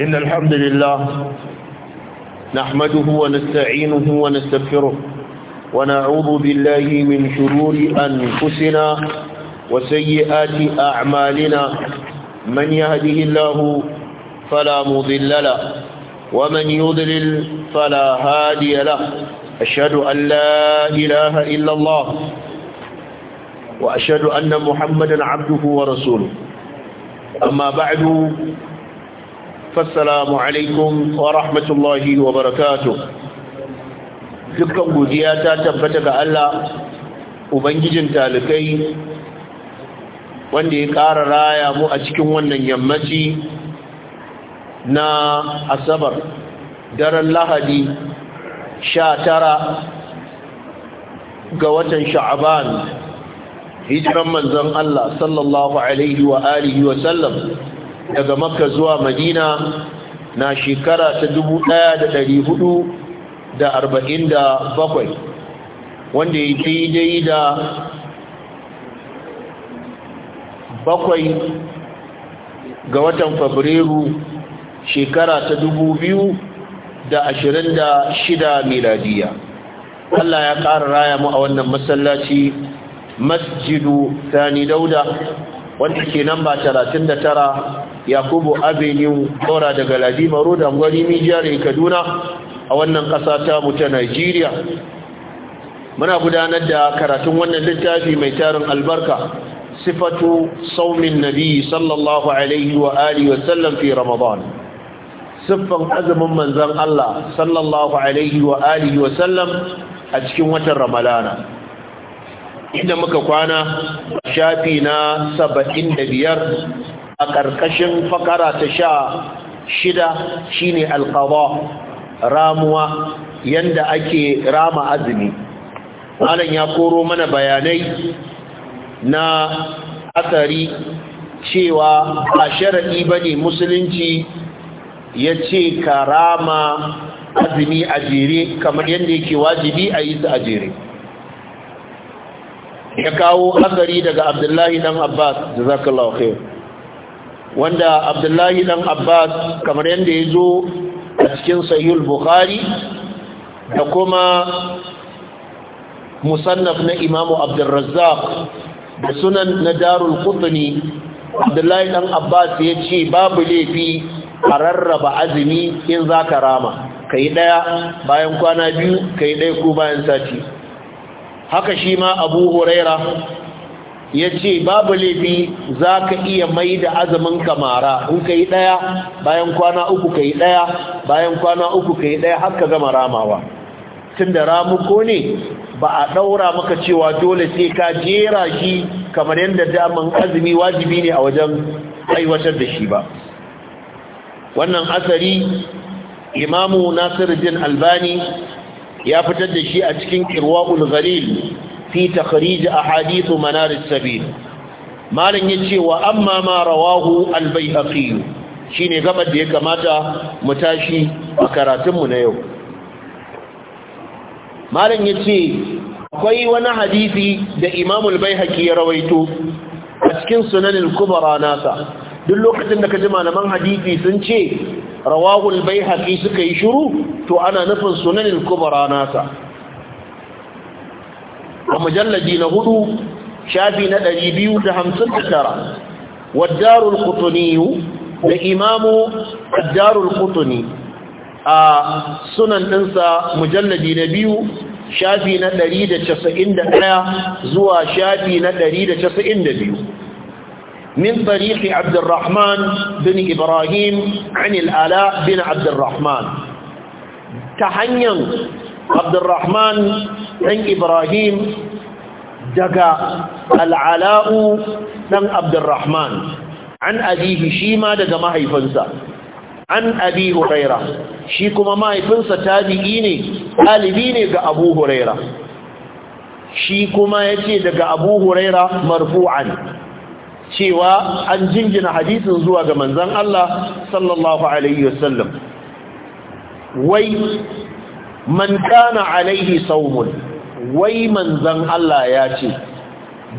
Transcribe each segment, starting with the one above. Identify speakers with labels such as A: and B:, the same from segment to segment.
A: إن الحمد لله نحمده ونستعينه ونستغفره ونعوذ بالله من شرور أنفسنا وسيئات أعمالنا من يهده الله فلا مضل له ومن يضلل فلا هادي له أشهد أن لا إله إلا الله وأشهد أن محمدا عبده ورسوله أما بعد fassalamu alaikum wa rahmatullahi wa barakatuh dukkan godiya ta tabbata ga Allah ubangijin talikai wanda ya ƙara raya mu a cikin wannan yammaci na asabar daren lahadi sha tara ga watan sha'aban hijiran manzon Allah sallallahu alaihi wa alihi wa sallam daga makka zuwa madina na shekara ta bakwai, wanda ya dai da bakwai ga watan fabrairu shekara ta da ashirin da shida miladiya Allah ya ƙara raya mu a wannan masallaci masjidu sani dauda wanda ke nan ba tara yakubu avenue kora daga ladima road angwari mijiyare kaduna a wannan ƙasa ta mu ta nigeria muna gudanar da karatun wannan littafi mai tarin albarka sifatu saumin nabi sallallahu alaihi wa alihi wa sallam fi ramadan siffan azumin manzon Allah sallallahu alaihi wa alihi wa sallam a cikin watan ramadana inda muka kwana shafi na 75 a ƙarƙashin fakara ta sha shida shine alƙawa ramuwa yanda ake rama azumi malam ya koro mana bayanai na asari cewa a sharaɗi ba ne musulunci ya ce ka rama azumi a jere kamar yadda yake wajibi a yi su a jere ya kawo asari daga abdullahi ɗan abbas da zakallahu khair wanda abdullahi dan abbas kamar yadda ya zo a cikin Sayyul bukhari da kuma musannaf na imamu abdurrazzak da sunan na darul qutni abdullahi dan abbas ya ce babu laifi a rarraba azumi in za ka rama ka yi ɗaya bayan kwana biyu ka yi ɗaya ko bayan sati haka shi ma abu huraira ya ce babu laifi za ka iya mai da azumin kamara in ka yi ɗaya bayan kwana uku ka yi ɗaya bayan kwana uku ka yi ɗaya har ka gama ramawa tun da ramuko ne ba a ɗaura maka cewa dole sai ka jera shi kamar yadda daman azumi wajibi ne a wajen aiwatar da shi ba wannan asari imamu nasiruddin albani ya fitar da shi a cikin kirwa ulgharil fi takhrij ahadith manar as-sabil malan yace wa amma ma rawahu al-baihaqi shine gabar da ya kamata mu tashi a karatun mu na yau malan yace akwai wani hadisi da Imam al-Baihaqi ya rawaito a cikin Sunan al-Kubra nasa duk lokacin da ka ji malaman hadisi sun ce rawahu al-Baihaqi suka yi shiru to ana nufin Sunan al-Kubra nasa a mujalladi na hudu shafi na ɗari biyu da hamsin da tara waddarul kutuniyu da imamu addarul kutuni a sunan ɗinsa mujalladi na biyu shafi na ɗari da casa'in da ɗaya zuwa shafi na ɗari da casa'in da biyu Min طريق عبد الرحمن بن إبراهيم عن الآلاء بن عبد الرحمن تحنين عبد الرحمن ɗan ibrahim daga al'ala'u ɗan abdurrahman an abihi shi ma daga mahaifinsa an abi huraira shi kuma mahaifinsa tabi'i ne ɗalibi ne ga abu huraira shi kuma ya ce daga abu huraira marfu'an cewa an jingina hadisin zuwa ga manzan Allah sallallahu alaihi wasallam wai man kana alaihi saumun wai manzan Allah ya ce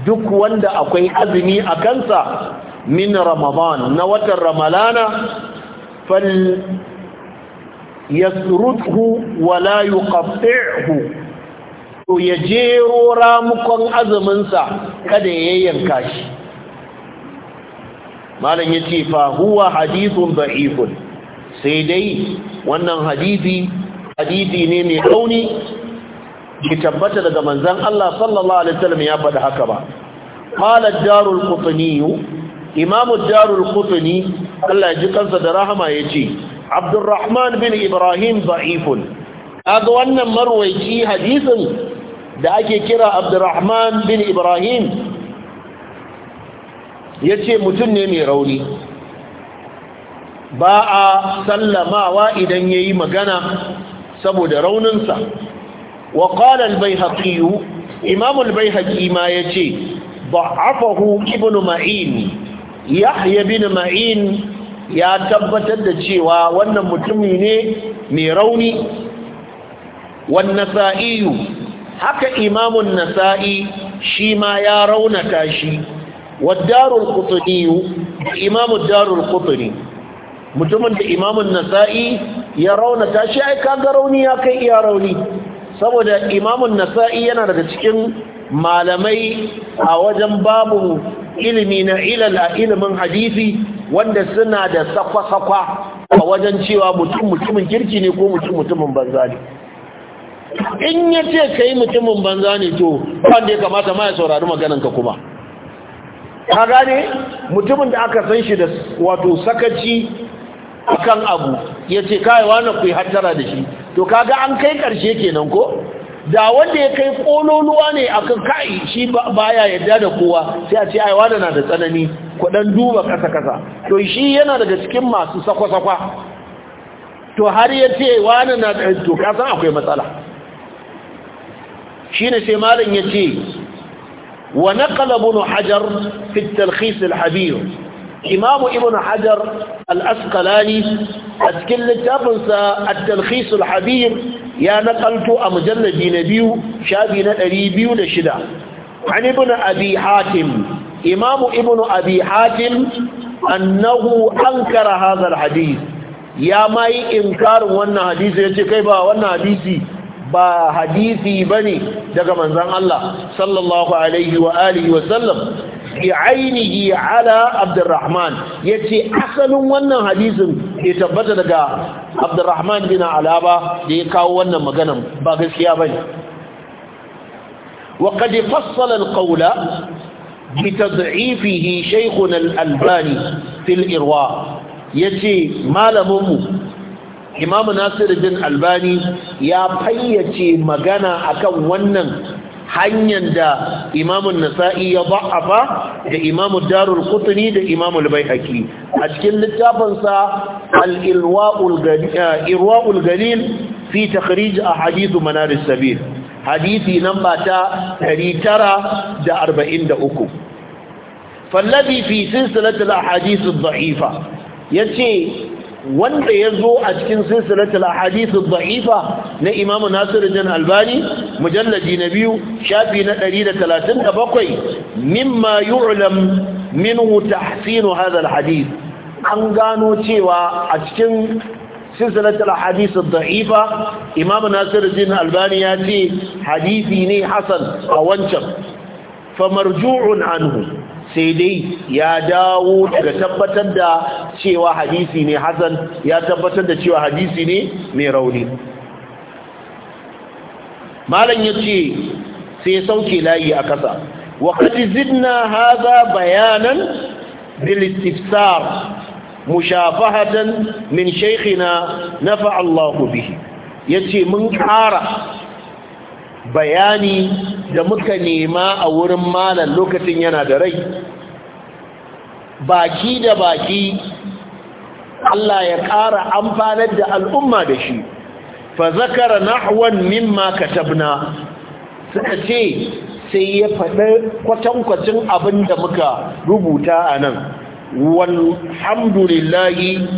A: duk wanda akwai azumi a kansa min ramadan na watan ramalana fal yasruthu wala yuqatti'hu to ya jero ramukon azuminsa kada ya yanka shi malam yace ce fa huwa hadithun da'ifun sai dai wannan hadithi hadithi ne mai kauni ki tabbata daga manzon Allah sallallahu alaihi wasallam ya faɗi haka ba qala darul qutni imam darul qutni Allah ya ji kansa da rahama yace Abdurrahman bin Ibrahim da'ifun kaga wannan marwayi hadisin da ake kira abdurrahman bin ibrahim ya ce mutum ne mai rauni ba a sallamawa idan ya yi magana saboda rauninsa wa qala al-baihaqi imam al-baihaqi ma yace da'afahu ibn ma'in yahya ibn ma'in ya tabbatar da cewa wannan mutumi ne mai rauni wan nasa'i haka imam an-nasa'i shi ma ya raunata shi wa darul qutni imam ad-darul qutni mutumin da imam an-nasa'i ya raunata shi ai kaga rauni ya kai iya rauni saboda imamun nasa'i yana daga cikin malamai a wajen babu ilimi na ilal a ilimin hadisi wanda suna da sakwa-sakwa a wajen cewa mutum mutumin kirki ne ko mutum mutumin banza ne in ya ce ka yi mutumin banza ne to wanda ya kamata ma ya saurari magananka kuma ka gane mutumin da aka san shi da wato sakaci akan abu ya ce kai wani ku hattara da shi to kaga an kai karshe kenan ko da wanda ya kai kololuwa ne akan kai shi baya yadda da kowa sai a ce ai wani na da tsanani ku dan duba kasa kasa to shi yana daga cikin masu sako sako to har ya ce wani na da to kasan akwai matsala shine sai malam ya ce wa naqala hajar fi talkhis al imamu ibn hajar al askalani a cikin littafinsa at-talkhis al ya nakalto a mujalladi na biyu shabi na ɗari an ibn abi hatim imamu ibn abi hatim annahu ankara hadha al-hadith ya mai inkarin wannan hadisi ce kai ba wannan hadisi ba hadisi bane daga manzon Allah sallallahu alaihi wa alihi wa sallam bi ainihi ala abdurrahman yace asalin wannan hadisin ke tabbata daga abdurrahman bin alaba da ya kawo wannan maganan ba gaskiya bane wa qad fassala alqawla bi tad'ifihi shaykhuna albani fil irwa yace malamin mu imam nasiruddin albani ya fayyace magana akan wannan hanyar da imamun nasa'i ya ba'afa da imamun darul kutuni da imamun baihaki a cikin littafinsa al'irwa'ul eh, galil fi takhrij a hadithu manaris sabil hadithi namba ta 943 fallabi fi silsilatul ahadith ad ya ce. wanda ya zo a cikin silsilatul ahadith ad-da'ifa na Imam Nasiruddin Albani mujalladi na biyu shafi na 137 mimma yu'lam minhu tahsin hadha al-hadith an gano cewa a cikin silsilatul ahadith ad-da'ifa Imam Nasiruddin Albani ya ce hadisi ne hasan a wancan famarju'un anhu sai dai ya dawo daga tabbatar da cewa hadisi ne hasan ya tabbatar da cewa hadisi ne mai rauni malam ya ce sai sauke layi a kasa waƙaji zidna haza bayanan shafa mushafahatan min shaikhina nafa Allahu bihi yace mun ƙara bayani da muka nema a wurin malam lokacin yana da rai baki da baki Allah ya ƙara amfanar da al'umma da shi fa zakara nahwan mimma katabna suka ce sai ya faɗi kwatankwacin abin da muka rubuta a nan walhamdulillahi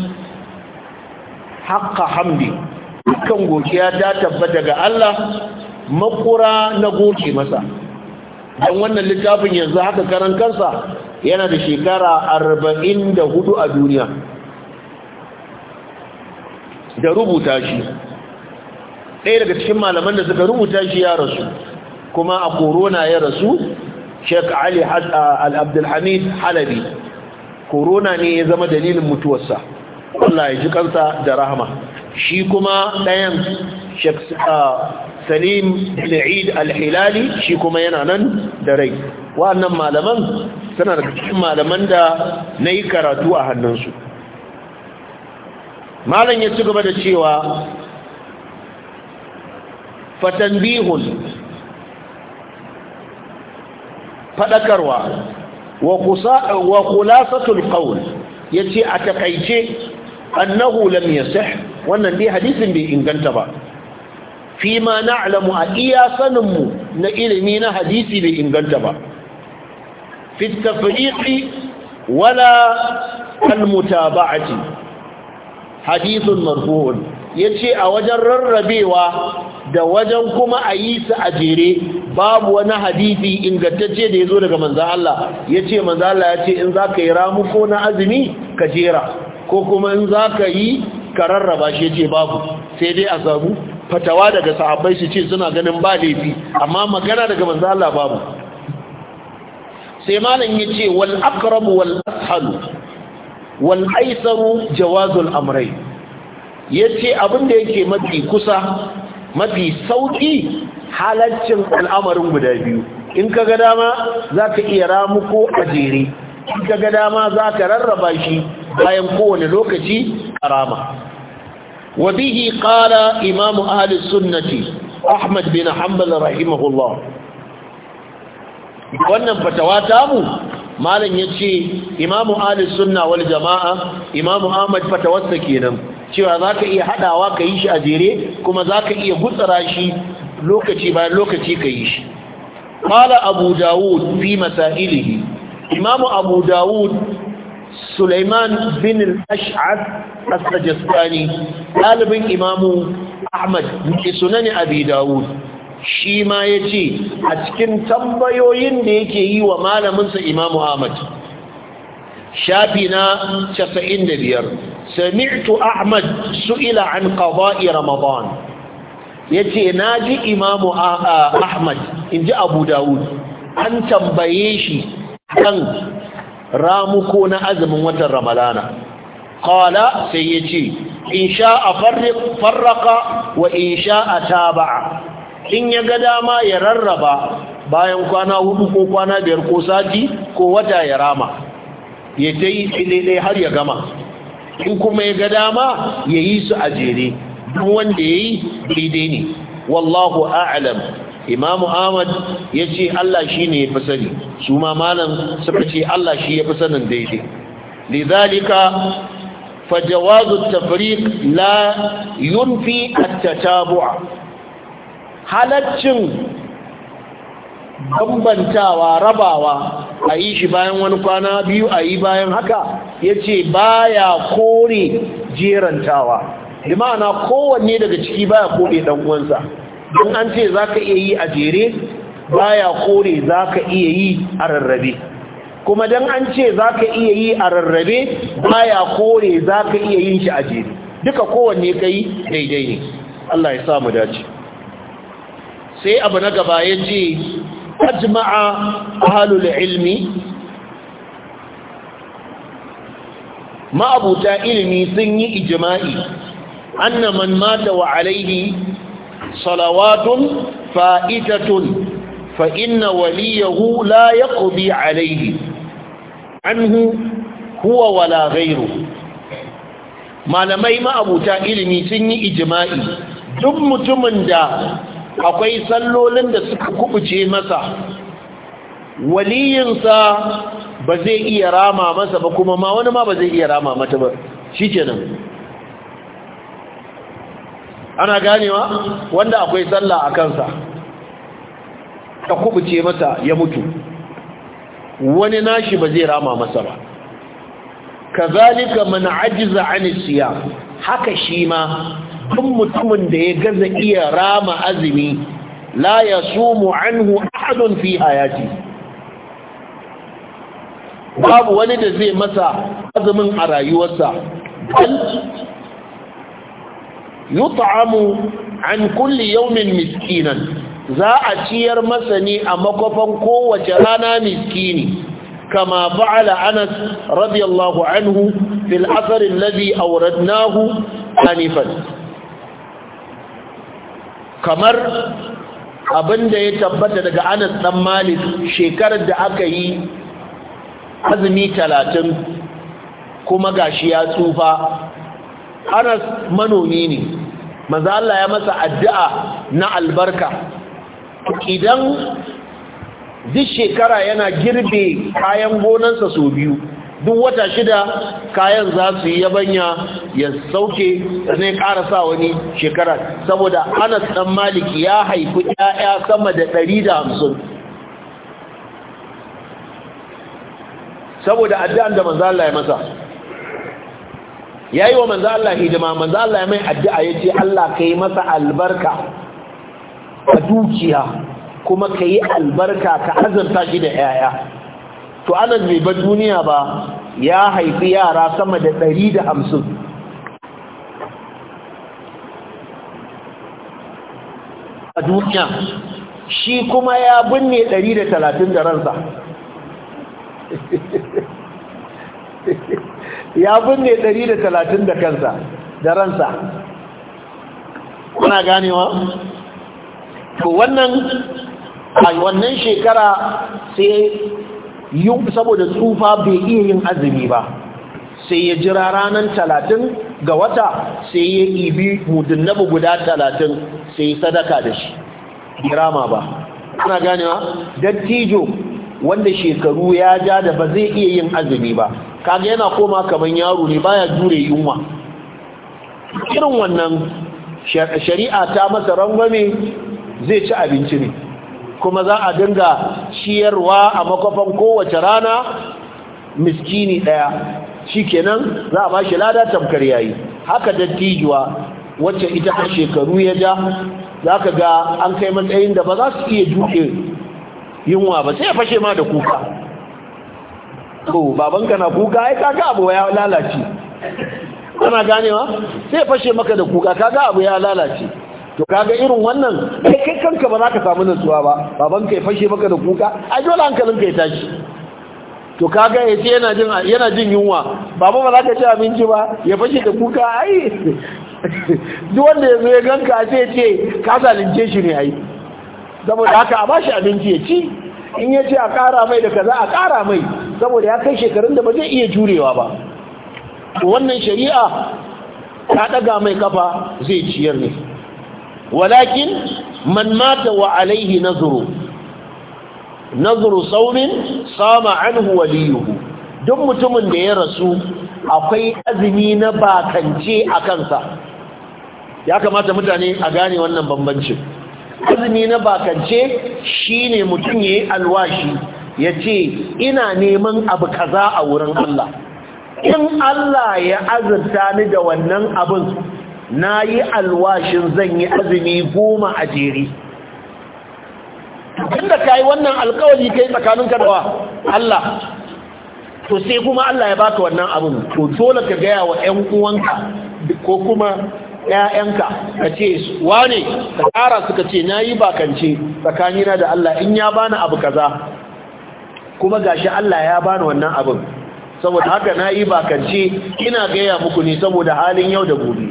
A: haƙa hamdi dukkan gokiya ta tabbata ga Allah makura na goce masa don wannan littafin yanzu haka karan kansa yana da shekara arba'in da hudu a duniya da rubuta shi ɗaya daga cikin malaman da suka rubuta shi ya rasu kuma a korona ya rasu sheik ali al-abdulhamid halabi korona ne ya zama dalilin mutuwarsa Allah ya ji kansa da rahama shi kuma ɗayan salim bin eid al-hilali shi kuma yana nan da rai wa'annan malaman suna da cikin malaman da na yi karatu a hannunsu malam ya ci gaba da cewa bihun fadakarwa wa kulasatul ya yace a takaice annahu lam yasih wannan dai hadisin bai inganta ba fi ma na alamu a iya saninmu na ilimi na hadisi bai inganta ba fi tafriqi wala hadisun marfuhun ya ce a wajen rarrabewa da wajen kuma a yi su a jere babu wani hadisi ingantacce da ya zo daga manzan Allah ya ce manzan Allah ya ce in za ka yi ramuko na azumi ka jera ko kuma in za ka yi ka rarraba shi ya ce babu sai dai a samu fatawa daga sahabbai su ce suna ganin ba laifi amma magana daga manzo Allah babu sai malam yace wal aqrab wal ashal wal aisaru jawazul amrai yace abin da yake mafi kusa mafi sauki halaccin al'amarin guda biyu in ka ga dama za ka iya ramu ko a jere in ka ga dama za ka rarraba shi bayan kowane lokaci karama وبه قال إمام أهل السنة أحمد بن حنبل رحمه الله wannan fatawa mu. malam yace imam ahlus sunna wal jamaa imam ahmad fatawarsa kenan cewa zaka iya hadawa ka yi shi a jere kuma zaka iya gutsara shi lokaci bayan lokaci ka yi shi qala abu daud fi masailihi Imam abu daud Suleiman bin al-Ash'ab as-Sajistani ɗalibin Imamu Ahmad ke sunani shi ma yace a cikin tambayoyin da yake yi wa malaminsa Imamu Ahmad shafi na 95 sami'tu Ahmad su'ila an qada'i Ramadan yace naji Imamu Ahmad inji Abu Da'ud, an tambaye shi kan ramuko na azumin watan ramadana qala sai yace in sha a farraka wa in sha a taba'a in ya ga dama ya rarraba bayan kwana hudu ko kwana biyar ko sati ko wata ya rama ya dai har ya gama in kuma ya ga dama ya yi su a jere duk wanda ya yi daidai ne wallahu a'lam imamu ahmad ya ce allah shi ne ya fi sani su ma malam suka ce allah shi ya fi sanin daidai lidhalika fajawazu tafriq la yunfi at-tatabu'a bambantawa rabawa a yi shi bayan wani kwana biyu a yi bayan haka ya ce baya kore jerantawa da ma'ana kowanne daga ciki baya dan uwansa. don an ce za ka iya yi a jere ba ya kore za ka iya yi a rarrabe kuma don an ce za ka iya yi a rarrabe ba ya kore za ka iya yin shi a jere duka kowanne ka yi daidai ne Allah ya samu dace sai abu na gaba ya ce ajma'a ahalul ilmi ma'abuta ilimi sun yi ijima'i annaman mata wa alaihi صلوات فائتة فإن وليه لا يقضي عليه عنه هو ولا غيره ما لمي ما أبو تائلني سني إجمائي دم تمن دا أقوي صلو لند سكوكب جيمسا ولينسا بزي إيراما مسا بكما ما ونما بزي إيراما متبر شي جنم ana ganewa wanda akwai sallah a kansa ta kubuce mata ya mutu wani nashi ba zai rama masa ba kazalika man ajiza an siya haka shi ma duk mutumin da ya gaza iya rama azumi la sumu anhu ahadun fi hayati babu wani da zai masa azumin a rayuwarsa yut'amu an kulli yawmin miskinan za a ciyar masa ne a makofan kowace rana miskini kama fa'ala anas رضي anhu fil في الأثر الذي أوردناه kamar abin da ya tabbata daga Anas dan Malik shekarar da aka yi azumi talatin kuma gashi ya tsufa anas manomi ne manzo Allah ya masa addu'a na albarka idan duk shekara yana girbe kayan gonansa sau biyu duk wata shida kayan za su yi yabanya ya sauke zai ƙara sa wani shekara saboda anas ɗan maliki ya haifi 'ya'ya sama da ɗari da hamsin saboda addu'an da manzo Allah ya masa ya yi wa manzo Allah hidima manzo Allah ya mai addu'a ya ce Allah ka yi masa albarka a dukiya kuma ka yi albarka ka azurta shi da 'ya'ya to anan bai ba duniya ba ya haifi yara sama da ɗari da hamsin. a duniya shi kuma ya binne ɗari da talatin da ransa ya binne ɗari da kansa da ransa kuna ganewa to wannan ai wannan shekara sai yi saboda tsufa bai iya yin azumi ba sai ya jira ranan talatin ga wata sai ya ibi mudunnabu guda talatin sai sadaka da shi girama ba kuna ganewa dattijo wanda shekaru ya ja da ba zai iya yin azumi ba kaga yana koma kaman yaro ne baya jure yunwa irin wannan shari'a ta masa rangwame zai ci abinci ne kuma za a dinga ciyarwa a makwafan kowace rana miskini ɗaya shi kenan za a bashi lada tamkar yayi haka dattijuwa wacce ita har shekaru ya ja za ka ga an kai matsayin da ba za su iya duke yunwa ba sai ya fashe ma da kuka to babanka na kuka ai kaga abu ya lalace kana ganewa sai fashe maka da kuka kaga abu ya lalace to kaga irin wannan kai kai kanka ba za ka samu nutsuwa ba babanka ya fashe maka da kuka ai dole hankalinka ya tashi to kaga yace yana jin yana jin yunwa baba ba za ka ci abinci ba ya fashe da kuka ai duk wanda yazo ya ganka sai ya ce ka zalunce shi ne ai saboda haka a bashi abinci ya ci in ya ce a kara mai da kaza a kara mai saboda ya kai shekarun da ba zai iya jurewa ba wannan shari'a ta daga mai kafa zai ciyar ne walakin man mata wa alaihi nazuru nazuru saumin sama anhu waliyuhu duk mutumin da ya rasu akwai azumi na bakance a kansa ya kamata mutane a gane wannan bambancin azumi na bakance shine mutum yayi alwashi ya ce ina neman abu kaza a wurin Allah in Allah ya azurta ni da wannan abin na yi alwashin zan yi azumi goma a jere. inda ka yi wannan alkawari kai tsakanin da Allah to sai kuma Allah ya baka wannan abin to dole ka gaya wa 'yan uwanka ko kuma 'ya'yanka ka ce wane ka ƙara suka ce na yi bakance tsakanina da Allah in ya bani abu kaza kuma gashi Allah ya bani wannan abin saboda haka na yi bakance ina gaya muku ne saboda halin yau da gobe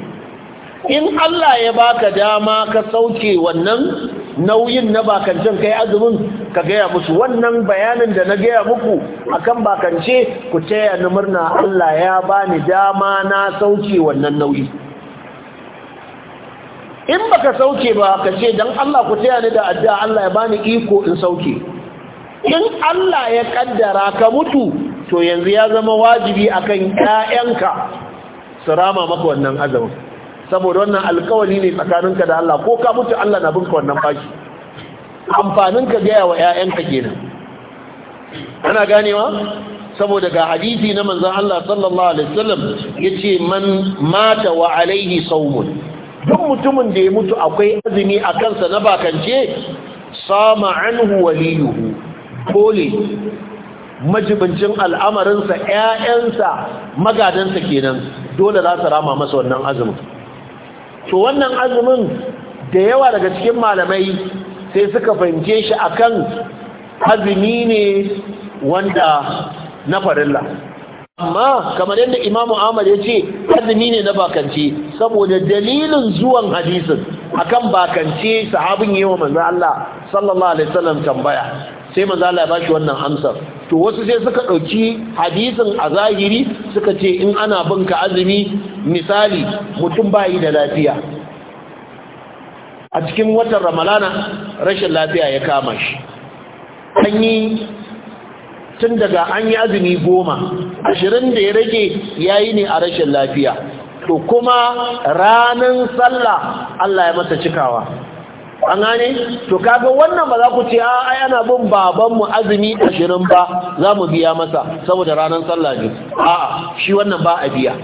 A: in Allah ya baka dama ka sauke wannan nauyin na bakancen kai azumin ka gaya musu wannan bayanin da na gaya muku akan bakance ku taya ni murna Allah ya bani dama na sauke wannan nauyi in baka sauke ba ka ce dan Allah ku taya ni da addu'a Allah ya bani iko in sauke in Allah ya kaddara ka mutu to yanzu ya zama wajibi akan ƴaƴanka su rama maka wannan azamin saboda wannan alkawari ne tsakaninka da Allah ko ka mutu Allah na binka wannan baki amfanin ka gaya wa ƴaƴanka kenan ana ganewa saboda ga hadisi na manzon Allah sallallahu alaihi wasallam yace man mata wa alaihi sawmun duk mutumin da ya mutu akwai azumi a kansa na bakance sama anhu waliyuhu Kole majibincin al'amarinsa ‘ya'yansa magadansa kenan dole za su rama masa wannan azumin to wannan azumin da yawa daga cikin malamai sai suka fahimce shi akan azumi ne wanda na farilla amma kamar yadda imamu ahmad ya ce azumi ne na bakance saboda dalilin zuwan hadisin akan bakance sahabin yi wa manzo Allah sallallahu alaihi wasallam tambaya sai manzo Allah ya bashi wannan amsar to wasu sai suka dauki hadisin a zahiri suka ce in ana bunka azumi misali mutum bai da lafiya a cikin watan ramalana rashin lafiya ya kama shi an yi tun daga an yi azumi goma ashirin da ya rage ya yi ne a rashin lafiya to kuma ranar sallah Allah ya mata cikawa an gane to kaga wannan ba za ku ce ai ana bin baban mu azumi ashirin ba za mu biya masa saboda ranar sallah ne a'a shi wannan ba a biya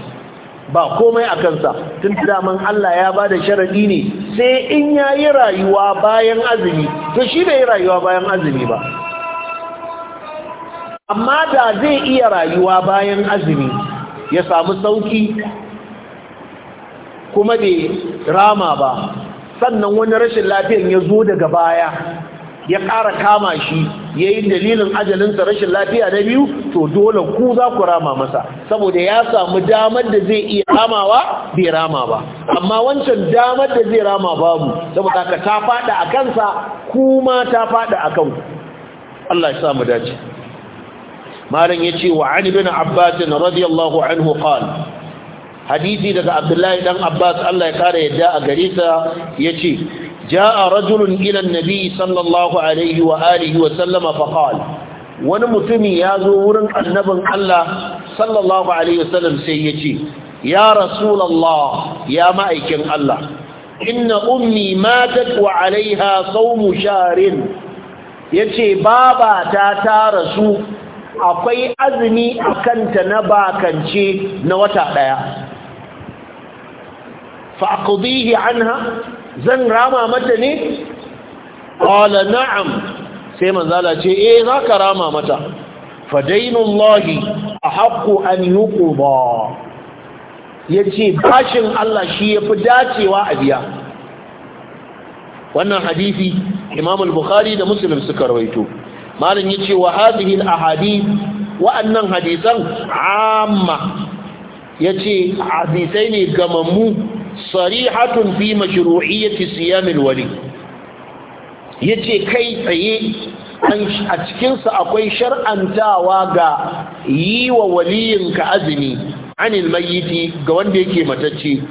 A: ba komai a kansa tun daman Allah ya bada da sharaɗi ne sai in ya yi rayuwa bayan azumi to shi bai yi rayuwa bayan azumi ba amma da zai iya rayuwa bayan azumi ya samu sauki kuma bai rama ba sannan wani rashin lafiyan ya zo daga baya ya ƙara kama shi ya yi dalilin ajalinsa rashin lafiya na biyu to dole ku za ku rama masa saboda ya samu damar da zai iya ramawa bai rama ba amma wancan damar da zai rama babu saboda ka ta faɗa a kansa kuma ta faɗa a kanku Allah ya samu dace malam ya ce wa ani bin abbas radiyallahu anhu qala hadisi daga abdullahi dan abbas allah ya kara yadda a gare sa ya ce ja'a rajulun ila nabi sallallahu alaihi wa alihi wa sallama faqal wani mutumi ya zo wurin annabin allah sallallahu alaihi wa sallam sai ya ce ya rasulullah ya ma'aikin allah inna ummi matat wa alaiha sharin yace baba ta ta rasu akwai azumi a kanta na bakance na wata ɗaya fa’akudihi an ha zan rama mata ne? ƙwala na’am sai manzala ce e za ka rama mata fadainullahi a haku an yi ƙuba ya ce bashin Allah shi ya fi dacewa a biya wannan hadisi, imam al-bukhari da musulun suka rawaito Malam ya ce wa hadihin a hadith wa’annan hadithan amma ya ce hadithai ne gamammu sarihatun fi mashru'iyyati min wali yace kai tsaye a cikinsa akwai shar'antawa ga yi wa waliyinka azumi anil mayyiti ga wanda yake matacce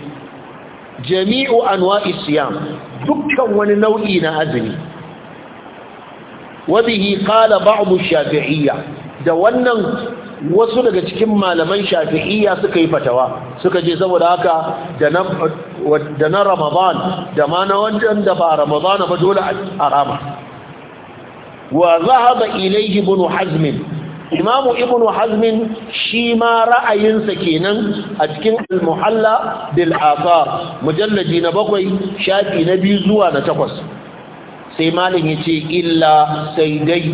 A: jami'u anwa'i siyam dukkan wani nau'i na azumi wabihi qala ba'd shafi'iyya da wannan wasu daga cikin malaman shafi'iyya suka yi fatawa suka je saboda haka da na ramadan da ma na wajen da ba ramadan ba dole a rama wa zahaba ilaihi ibn hazmin imamu ibn hazmin shi ma ra'ayinsa kenan a cikin al-muhalla bil asar mujallaji na bakwai shafi na biyu zuwa na takwas sai malin yace illa sai dai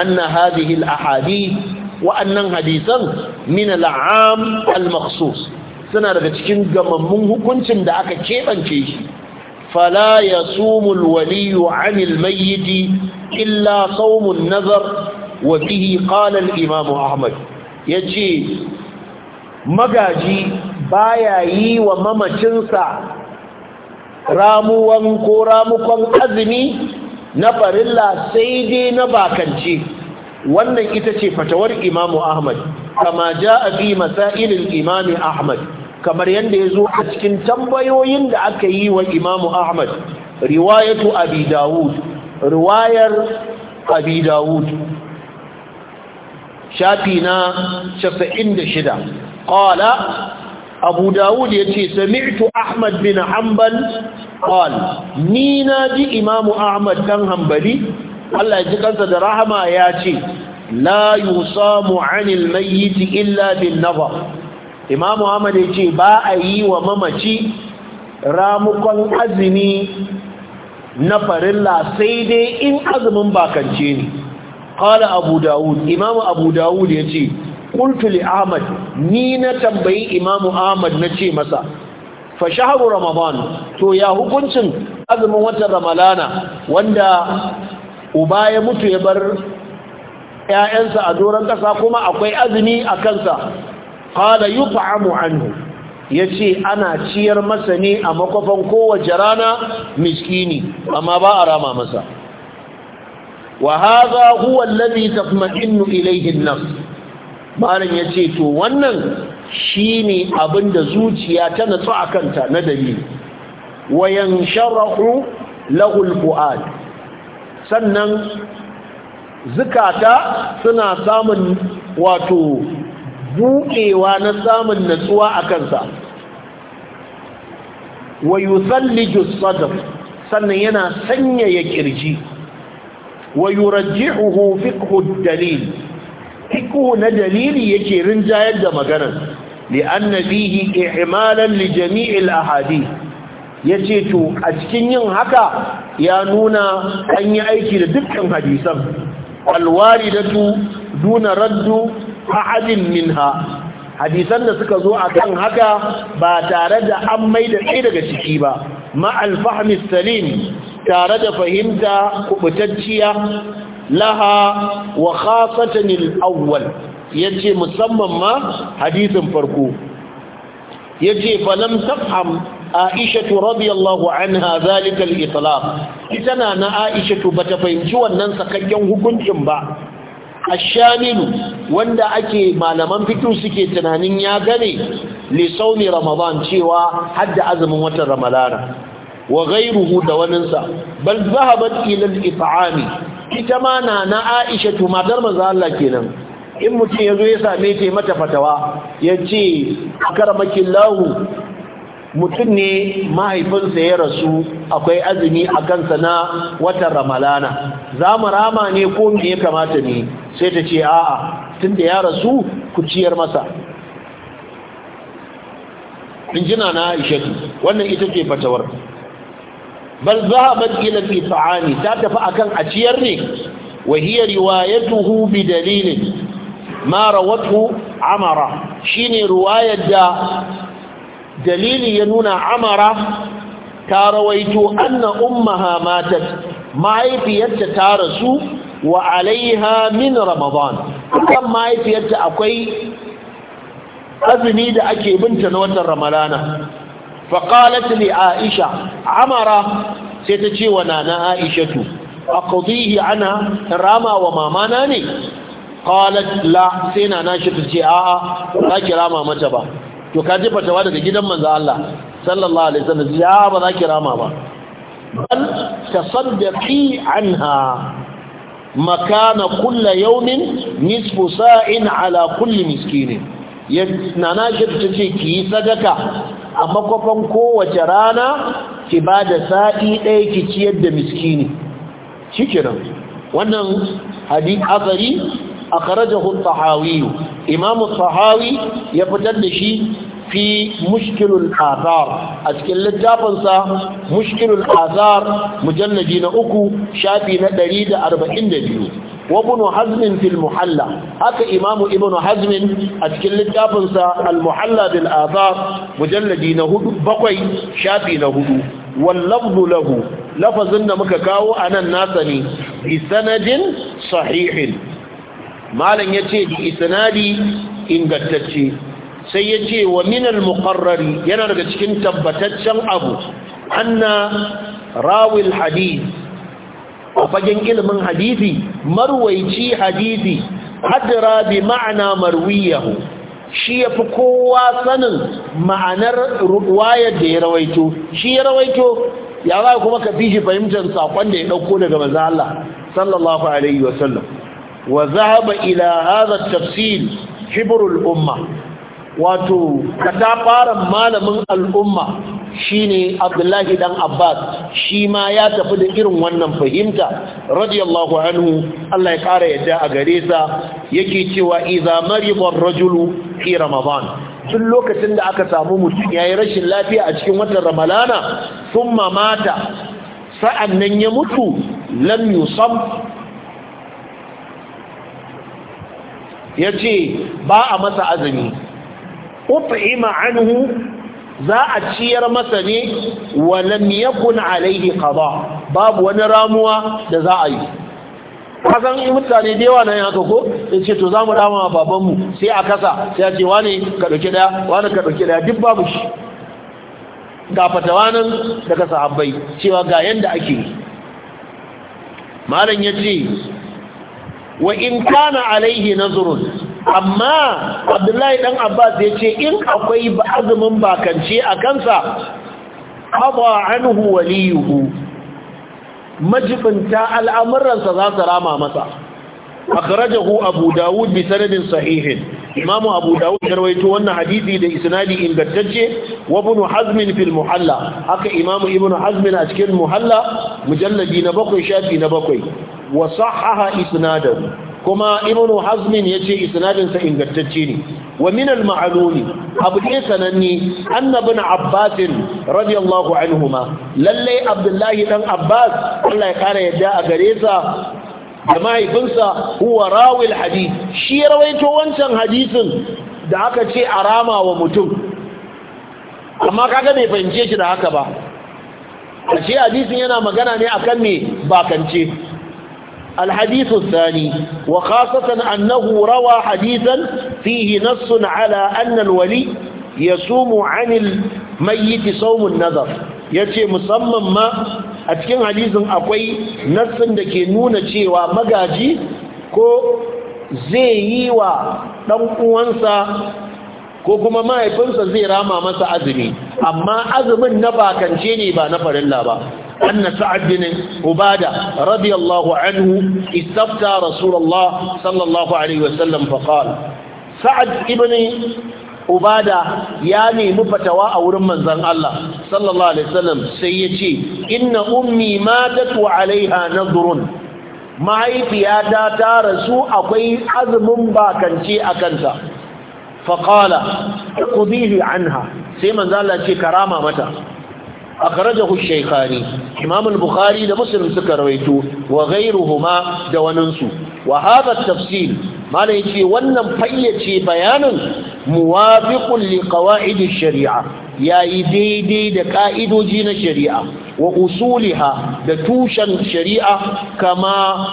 A: anna hadhihi al-ahadith wa'annan hadisan min al-aam al-makhsus suna daga cikin gamammun hukuncin da aka keɓance shi fala ya sumul waliyu anil mayyiti illa saumun nazar wa bihi qala al-imam ahmad yace magaji baya yi wa mamacinsa ramuwan ko ramukon azumi na farilla sai dai na bakance wannan ita ce fatawar imamu ahmad kama ja a fi masailin imami ahmad kamar yadda ya zo a cikin tambayoyin da aka yi wa imamu ahmad riwayatu abi dawud riwayar abi dawud shafi na shida. qala abu dawud ce sami'tu ahmad bin hanbal qala ni na ji imamu ahmad kan hanbali Allah ya ji kansa da rahama yace la samu 'anil mayyit illa bin nadhar imam ahmad ya ce ba a yi wa mamaci ramukon azumi na farilla sai dai in azumin bakance ne kala abu dawud imam abu dawud ya ce kultuli ahmad ni na tambayi Imam ahmad na ce masa fa shahru ramadan to ya hukuncin azumin watan ramalana wanda uba ya mutu ya bar 'ya'yansa a doron ƙasa kuma akwai azumi a kansa qala yut'amu anhu yace ana ciyar masa ne a makofan kowace rana miskini amma ba a rama masa wa hadha huwa alladhi tatma'innu ilayhi an-nafs malam yace to wannan shine abinda zuciya ta natsu akanta na dalili wa yansharahu lahu al-fu'ad sannan zikata suna samun wato buɗewa na samun natsuwa a kansa wa yusalliju sadr sannan yana sanyaya kirji wa yurajjihu fiqhu dalil na dalili yake rinjayar da maganar li'anna fihi i'malan Lijami'il jami'il ahadith yace to a cikin yin haka ya nuna an yi aiki da dukkan hadisan alwaridatu duna raddu ahadin minha hadisan da suka zo akan haka ba tare da an da ɗaya daga ciki ba ma salim tare da fahimta kubutacciya laha wa khasatan al ya ce musamman ma hadisin farko yace falam tafham Aisha radiyallahu anha zalika al-itlaq ita na na Aisha bata fahimci wannan sakakken hukuncin ba ashamilu wanda ake malaman fito suke tunanin ya gane li saumi ramadan cewa hadda azumin watan ramadana wa ghayruhu da waninsa bal zahabat ila al-it'ami ita ma na na Aisha to matar manzo Allah kenan in mutum yazo ya same ta mata fatawa yace karamaki lahu mutum ne mahaifinsa ya rasu akwai azumi a kansa na watan ramalana za mu rama ne ko me ya kamata ne sai ta ce a'a tun da ya rasu ku ciyar masa injina na aishatu wannan ita ce fatawar bal zahabat ila fi ta'ani ta tafi akan a ciyar ne wa hiya riwayatuhu bi dalilin ma rawathu amara shine riwayar da dalili ya nuna amara ta rawaito anna ummaha mahaifiyarta ta rasu wa alaiha min ramadan kan mahaifiyarta akwai azumi da ake binta na watan ramadana faƙalat li aisha amara sai ta ce wa nana aishatu a ƙudihi ana rama wa mamana ne ƙalat la sai nana shi ta ce a'a za ki rama mata ba to ka je fatawa daga gidan manzo Allah sallallahu alaihi wasallam ya ba za ki rama ba bal tasaddaqi anha makana kulla yawmin nisfu sa'in ala kulli miskin nana shi ta ce ki yi sadaka a makwafan kowace rana ki ba da sa'i ɗaya ki ciyar da miskini shi wannan hadith azari a karajar hutahawiyu imamu sahawi ya fitar da shi fi mushkilul azar a cikin littafinsa mushkilul azar mujallaji na uku shafi na 142 wabunu hazmin fil muhalla haka imamu ibnu hazmin a cikin littafinsa al-muhalla bil azar mujallaji na hudu bakwai shafi na hudu wallabdu lahu lafazin da muka kawo anan nasa ne bi sanadin sahihin malam ya ce da isnadi ingantacce sai ya ce wa minal muqarrari yana daga cikin tabbataccen abu anna rawil hadith a fagen ilimin hadithi marwaici hadithi hadira bi ma'ana marwiyahu shi ya fi kowa sanin ma'anar wayar da ya rawaito shi ya rawaito ya za kuma ka fi shi fahimtar sakon da ya ɗauko daga maza Allah sallallahu Alaihi wasallam wa zahaba ila hadha at umma wato katafaran malamin al'umma shine Abdullahi dan Abbas shi ma ya tafi da irin wannan fahimta radiyallahu anhu Allah ya kara yadda a gare sa yake cewa idza marida ar-rajulu fi ramadan tun lokacin da aka samu mutum yayi rashin lafiya a cikin watan ramalana thumma mata sa'annan ya mutu lam yusab ya ce ba a masa azumi ima anhu za a ciyar masa ne walam yakun alaihi qada babu wani ramuwa da za a yi kasan mutane da yawa na yanka ko ya ce to za mu baban babanmu sai a kasa sai a ce wane ka ɗauki ɗaya wane ka ɗauki ɗaya duk babu shi ga fatawa nan daga sahabbai cewa ga yanda ake yi malam ya ce wa in kana alaihi nazrun amma abdullahi dan abbas ya ce in akwai azumin bakance a kansa qada anhu waliyuhu majibinta al'amuransa za ta rama masa akhrajahu abu dawud bi sanadin sahihin imamu abu dawud garwaito wannan hadisi da isnadi ingantacce wa ibn hazm fil muhalla haka imamu ibn hazm a cikin muhalla mujalladi na bakwai shafi na bakwai wa sahaha isnadahu kuma ibnu hazmin ya ce isnadinsa ingantacce ne wa min al-ma'lumi abu ne sananni annabin Abbasin radiyallahu anhuma Lallai abdullahi ɗan abbas Allah ya kara yadda a gare sa da mahaifinsa huwa rawil hadith shi rawaito wancan hadisin da aka ce a rama wa mutum amma kaga bai fahimce shi da haka ba a ce hadisin yana magana ne akan me bakance الحديث الثاني وخاصة أنه روى حديثا فيه نص على أن الولي يصوم عن الميت صوم النذر yace musamman ma a cikin hadisin akwai nassin da ke nuna cewa magaji ko zai yi wa ɗan uwansa ko kuma mahaifinsa zai rama masa azumi amma azumin na bakance ne ba na farilla ba anna sa'ad bin ubada radiyallahu anhu istafta rasulullah sallallahu alaihi wasallam fa qala sa'ad ibn ubada ya nemi fatawa a wurin manzon Allah sallallahu alaihi wasallam sai yace inna ummi matat wa alaiha nadhr mai fiya ta rasu akwai azumin bakance a kanta. faƙala ƙubihi anha sai manzo Allah ce karama mata akhrajahu shaykhani imam al-bukhari da muslim suka rawaito wa ghayruhuma da waninsu wa hadha tafsil mala yace wannan fayyace bayanin muwafiqun li qawaid ash-shari'a yayi daidai da ƙa'idoji na shari'a wa usuliha da tushen shari'a kama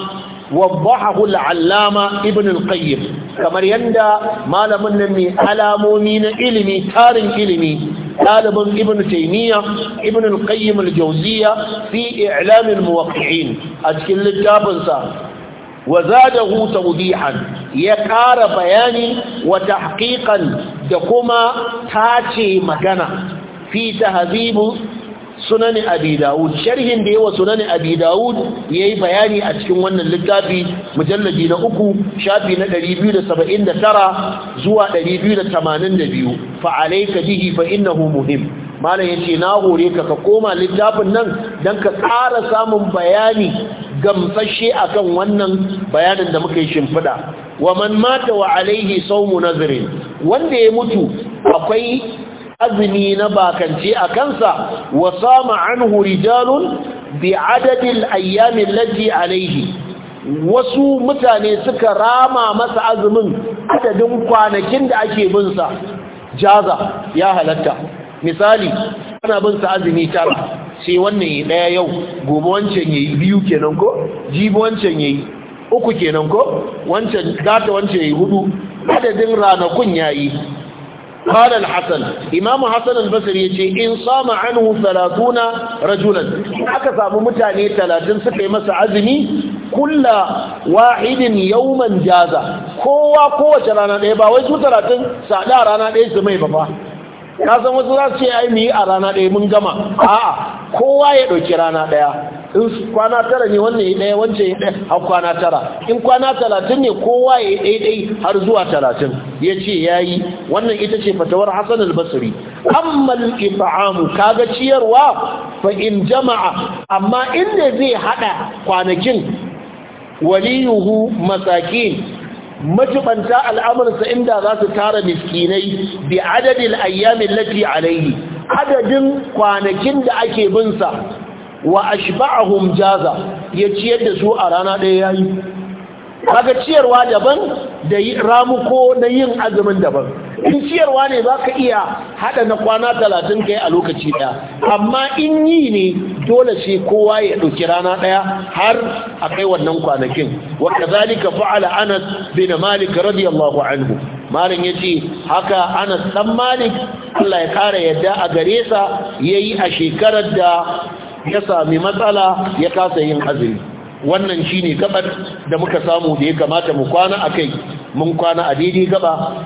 A: وضحه العلامة ابن القيم kamar yanda malamin nan ne alamomi na ilimi tarin ilimi ɗalibin ibn taymiya ibn al-qayyim al-jawziya fi i'lam al-muwaqqi'in a cikin littafinsa Wazadahu zadahu ya ƙara bayani wa tahqiqan da kuma tace magana fi tahzibu sunani abi dawud sharhin da yawa sunani abi dawud yayi bayani a cikin wannan littafi mujalladi na uku shafi na 279 zuwa 282 fa alayka bihi fa innahu muhim malam yace na hore ka ka koma littafin nan dan ka ƙara samun bayani gamsashe akan wannan bayanin da muka yi shimfida wa man mata wa alaihi sawmu nazrin wanda ya mutu akwai azumi na bakance a kansa wa sama huri janun bi adadin ayyamin lati alaihi wasu mutane suka rama masa azumin adadin kwanakin da ake bin sa jaza ya halatta misali ana bin sa azumi tara sai wannan ya daya yau gobe wancan yayi biyu kenan ko jibi wancan yayi uku kenan ko wancan gata wancan yayi hudu adadin ranakun yayi قال الحسن امام حسن البصري ce in sama anhu 30 rajulan aka samu mutane 30 suka yi masa azumi kulla wahidin yawman jaza kowa kowace rana daya ba wai su 30 sada rana daya su mai ba ka san wasu za su ce ai mu yi a rana ɗaya mun gama a'a kowa ya ɗauki rana ɗaya in kwana tara ne wannan ya ɗaya wancan ya ɗaya har kwana tara in kwana talatin ne kowa ya ɗai har zuwa talatin ya ce ya yi wannan ita ce fatawar hassan albasiri ammal ifa'amu kaga ciyarwa fa in jama'a amma inda zai haɗa kwanakin waliyuhu masakin majibanta al'amarsa inda za su tara miskinai bi adadin ayyamin lati alaihi adadin kwanakin da ake binsa wa ashba'ahum jaza ya ciyar da su a rana ɗaya yayi kaga ciyarwa daban da ramuko na yin azumin daban in ciyarwa ne za ka iya hada na kwana talatin kai a lokaci daya amma in yi ne dole sai kowa ya ɗauki rana ɗaya har a kai wannan kwanakin wa kazalika fa'ala anas bin malik radiyallahu anhu malam yace haka anas dan malik Allah ya kara yadda a gare sa yayi a shekarar da ya sami matsala ya kasa yin azumi wannan shi ne gabar da muka samu da ya kamata mu kwana a kai mun kwana a daidai gaba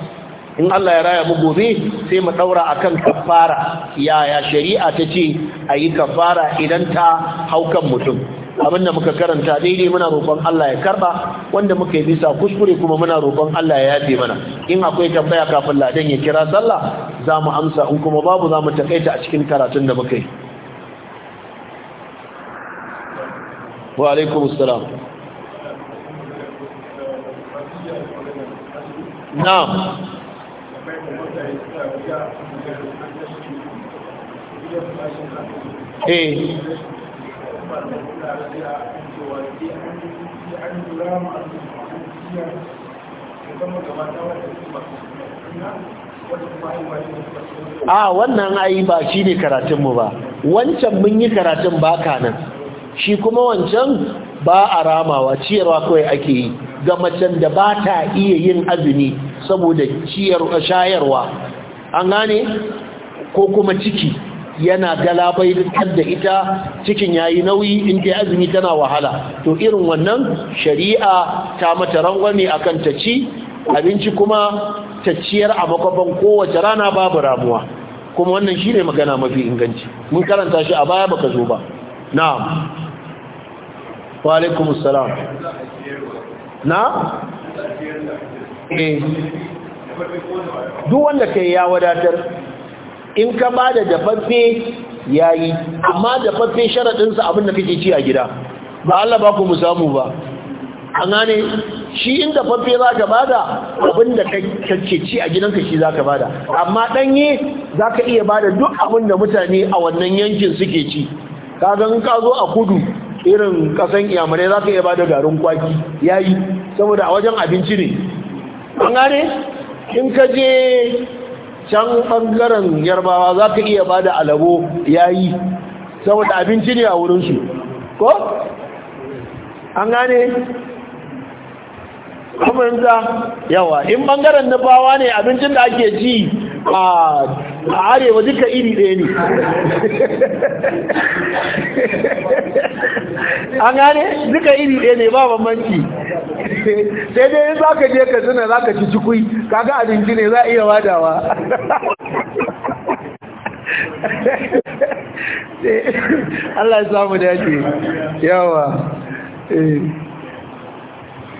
A: in Allah ya raya mu gobe sai mu daura akan kafara yaya shari'a ta ce a yi kafara idan ta haukan mutum abinda muka karanta daidai muna roƙon Allah ya karɓa. wanda muka yi bisa kuskure kuma muna roƙon Allah ya yafe mana in akwai tambaya kafin ladan ya kira sallah za mu amsa in kuma babu za mu takaita a cikin karatun da muka yi wa alaikum salam. a eh. ah, wannan ai ba shi ne karatunmu ba wancan mun yi karatun baka nan shi kuma wancan ba a ramawa ciyarwa kawai ake yi ga macen da ba ta iya yin azumi saboda ciyarwa shayarwa an gane ko kuma ciki yana galabai da ita cikin yayi nauyi in dai azumi tana wahala to irin wannan shari'a ta mata rangwame akan ta ci abinci kuma ta ciyar a makwabban kowace rana babu ramuwa kuma wannan shine magana mafi inganci mun karanta shi a baya baka zo ba na'am wa alaikum na eh duk wanda kai ya wadatar in ka ba da dafaffe yayi amma dafaffe sharadin abin da kake ci a gida ba Allah ba ku mu samu ba an gane shi inda fafe za ka da abinda kake ci a gidanka shi za ka bada amma ɗanye za ka iya bada duk abinda mutane a wannan yankin suke ci ka in ka zo a kudu irin kasan iyamare za ka iya ba da garin kwaki ya yi saboda a wajen abinci ne an gane in ka je can ɓangaren yarbawa za ka iya ba da alabo ya yi saboda abinci ne a wurinsu ko? an gane kuma yanzu yawa in ɓangaren nufawa ne abincin da ake ci a arewa duka iri ɗaya ne an gane duka iri ɗaya ne ba bambanci sai dai za ka je ka zina za ka ci cikui kaga abinci ne za a iya wadawa Allah ya samu dace yawa eh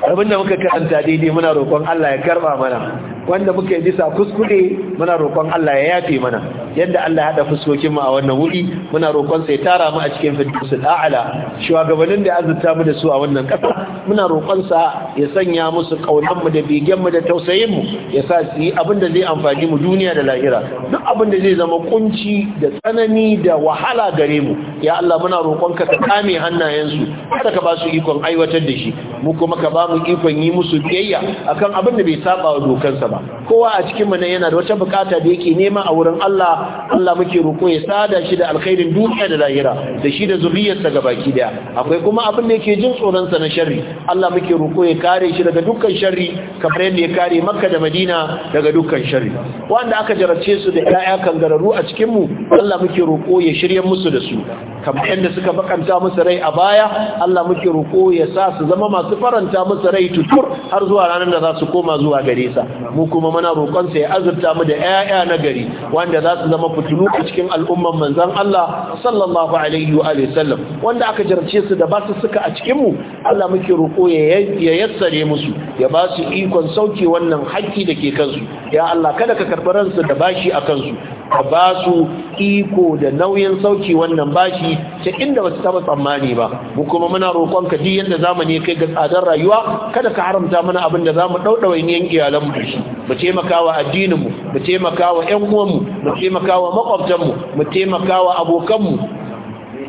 A: abinda muka karanta daidai muna roƙon Allah ya karba mana wanda muka bisa kuskure muna roƙon Allah ya yafe mana yadda Allah ya hada fuskokin mu a wannan wuri muna roƙon sai tara mu a cikin firdausul a'la shugabannin da azurta mu da su a wannan ƙasa muna roƙon sa ya sanya musu kaunan mu da bigen mu da tausayin mu ya sa su yi abin zai amfani mu duniya da lahira duk abin zai zama kunci da tsanani da wahala gare mu ya Allah muna roƙon ka ka kame hannayen su kada ka ba su ikon aiwatar da shi mu kuma ka ba mu ikon yi musu biyayya akan abin da bai saba wa dokansa ba kowa a cikin mu yana da wata bukata da yake nema a wurin Allah Allah muke roko ya sada shi da alkhairin duniya da lahira da shi da zuriyarsa gabaki daya akwai kuma abin da yake jin tsoron sa na sharri Allah muke roko ya kare shi daga dukkan sharri kamar yadda ya kare Makka da Madina daga dukkan sharri wanda aka jarabce su da ƴaƴa kangararru a cikin mu Allah muke roko ya shirye musu da su kamar yadda suka bakanta musu rai a baya Allah muke roko ya sa su zama masu faranta musu sarai tutur har zuwa ranar da za su koma zuwa gare sa mu kuma muna roƙon sa ya azurta mu da ƴaƴa na gari wanda za su zama fitilu a cikin al'umman manzon Allah sallallahu alaihi wa sallam wanda aka jarce su da ba su suka a cikin mu Allah muke roƙo ya yassare musu ya ba su ikon sauke wannan hakki da ke kansu ya Allah kada ka karbi ransu da bashi a kansu ka ba su iko da nauyin sauki wannan bashi ta inda ba su taba tsammani ba mu kuma muna roƙon ka duk yadda zamani kai ga tsadar rayuwa kada ka haramta mana abin da zamu daudawa niyan iyalan mu shi mu taimaka wa addinin mu mu taimaka wa ƴan uwan mu mu taimaka wa makwabtan mu mu taimaka wa abokan mu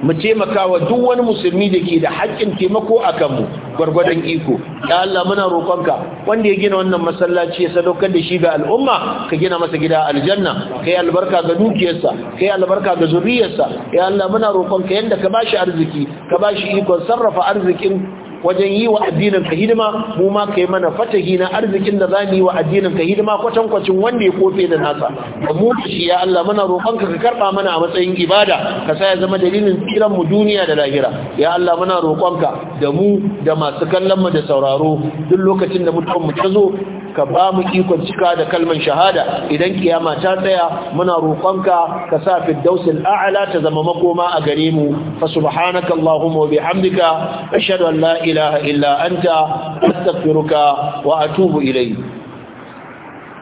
A: mu taimaka wa duk wani musulmi da ke da haƙƙin taimako a kanmu gwargwadon iko ya Allah muna roƙonka wanda ya gina wannan masallaci ya sadaukar da shi ga al'umma ka gina masa gida aljanna kai albarka ga dukiyarsa kai albarka ga zuriyarsa ya Allah muna roƙonka yanda ka bashi arziki ka bashi ikon sarrafa arzikin wajen yi wa addinin ka hidima mu ma kai mana fatahi na arzikin da zamu yi wa addinin ka hidima kwatankwacin kwacin wanda ya kofe da nasa da mu shi ya Allah muna roƙon ka ka karba mana a matsayin ibada ka sa ya zama dalilin tsiran mu duniya da lahira ya Allah muna roƙon ka da mu da masu kallon mu da sauraro duk lokacin da mutum mu ta zo ka ba mu ikon cika da kalman shahada idan kiyama ta tsaya muna roƙonka ka sa firdausil a'la ta zama makoma a gare mu fa subhanakallahumma wa bihamdika ashhadu an la ilaha illa anta astaghfiruka wa atubu ilayk